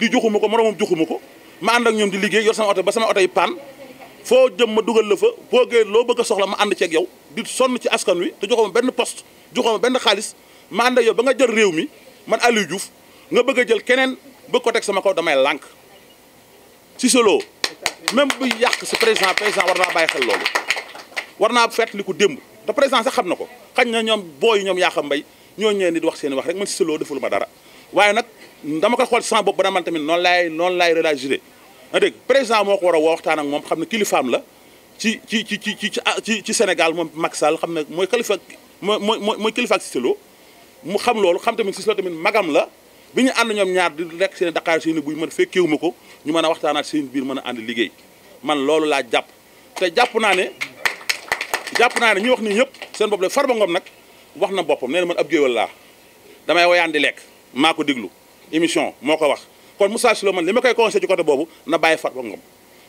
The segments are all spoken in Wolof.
di joxuma ko moromam joxuma ko ma ànd ak ñoom di liggéey yor sama oto ba sama oto yi paan foo jëm ma dugal la fa boo gee loo bëgg soxla ma ànd ceeg yow di sonn ci askan wi te joxuma benn post joxuma benn xaalis ma ànd yow ba nga jël réew mi man Aliou Diouf nga bëgg a jël keneen bëgg ko teg sama kaw damay lànk ci solo même bu yàq si président président war naa bàyyi xel loolu war naa fàttali ko démb te président sax xam na ko xañ na ñoom booy ñoom yaa xam mbay ñoo ñëwee nit wax seen wax rek man si solo deful ma dara waaye nag dama koy xool sama bopp ba man tamit noonu laay noonu laay réagiré nga dégg président moo ko war a waxtaan ak moom xam ne kilifaam la ci ci ci ci ci ci ci Sénégal moom Macky Sall xam ne mooy kilifa mooy mooy mooy kilifa ak Cissé Lo mu xam loolu xam tamit Cissé Lo tamit magam la bi ñu ànd ñoom ñaar di rek seen daqaar seen buy mën fekkeewu ma ko ñu mën a waxtaanaat seen biir mën a ànd liggéey man loolu laa jàpp te jàpp naa ne jàpp naa ne ñu wax nii ñëpp seen bopp la Farba Ngom nag wax na boppam nee na ab géwél laa damay woyaan di lekk maa ko diglu émission moo ko wax kon Moussa Sylla man li ma koy conseillé ci côté boobu na bàyyi Farba Ngom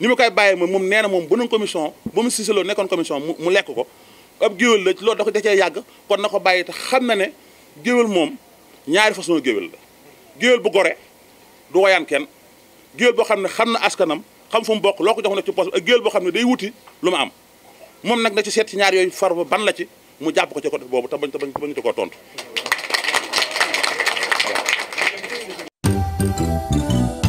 ni ma koy bàyyi moom moom nee na moom bu nu commission ba mu siseloo nekkoon commission mu lekk ko ab géwél la loolu da ko dacee yàgg kon na ko bàyyi te xam na ne géwél moom ñaari façon géwél la géwél bu gore du wayaan kenn géwél boo xam ne xam na askanam xam fu mu bokk loo ko jox na ci poste a géwél boo xam ne day wuti lu ma am moom nag na ci seet ci yooyu Farba ban la ci mu jàpp ko ci côté boobu te bañ te bañ te bañ ko tontu Thank you.